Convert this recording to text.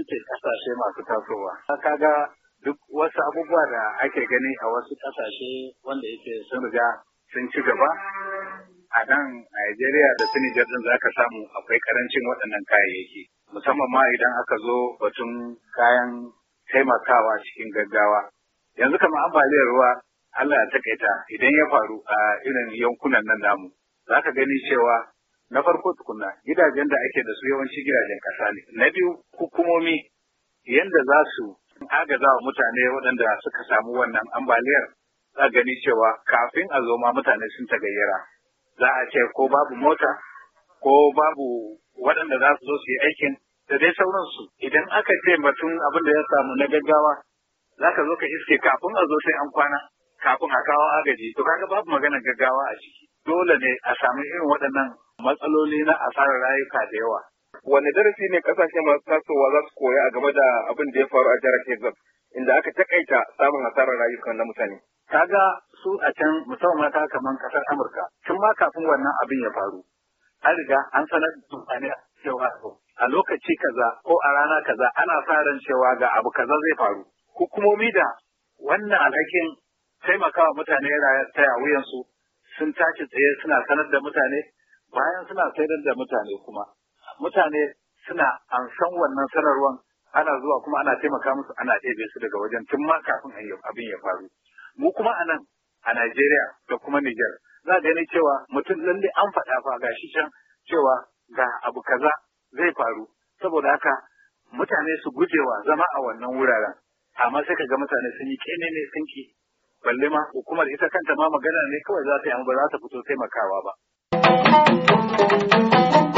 ake kasashe masu tasowa. Kaga duk wasu abubuwa da ake gani a wasu kasashe wanda yake sun riga sun ci gaba a nan Najeriya da Senegal din za ka samu akwai karancin waɗannan kayayyaki musamman ma idan aka zo batun kayan taimakawa cikin gaggawa yanzu kamar ambaliyar ruwa Allah ya takaita idan ya faru a irin yankunan nan namu za ka gani cewa na farko tukuna gidajen da ake da su yawanci gidajen kasa ne na biyu hukumomi yadda za su agaza wa mutane waɗanda suka samu wannan ambaliyar za gani cewa kafin a zo ma mutane sun tagayyara za a ce ko babu mota ko babu waɗanda za su zo su yi aikin da dai sauransu idan aka ce batun abin da ya samu na gaggawa za ka zo ka iske kafin a zo sai an kwana kafin a kawo agaji to kaga babu maganar gaggawa a ciki dole ne a samu irin waɗannan matsaloli na asarar rayuka da yawa. Wane darasi ne kasashe masu tasowa za su koya a game da abin da ya faru a jihar Texas inda aka takaita samun asarar rayukan na mutane? Kaga su a can musamman ta kamar kasar Amurka tun ma kafin wannan abin ya faru. An riga an sanar da mutane cewa a lokaci kaza ko a rana kaza ana sa ran cewa ga abu kaza zai faru. Hukumomi da wannan alhakin taimakawa mutane raya taya wuyansu sun tashi tsaye suna sanar da mutane bayan suna sayar da mutane kuma mutane suna ansan wannan sanarwan ana zuwa kuma ana taimaka musu ana ɗebe su daga wajen tun ma kafin abin ya faru mu kuma a nan a Najeriya da kuma Niger za a ne cewa mutum lalle an faɗa fa ga shi can cewa ga abu kaza zai faru saboda haka mutane su gujewa zama a wannan wuraren amma sai ka ga mutane sun yi kene ne sun ki balle ma hukumar ita kanta ma magana ne kawai za ta yi ba za ta fito taimakawa ba Thank you.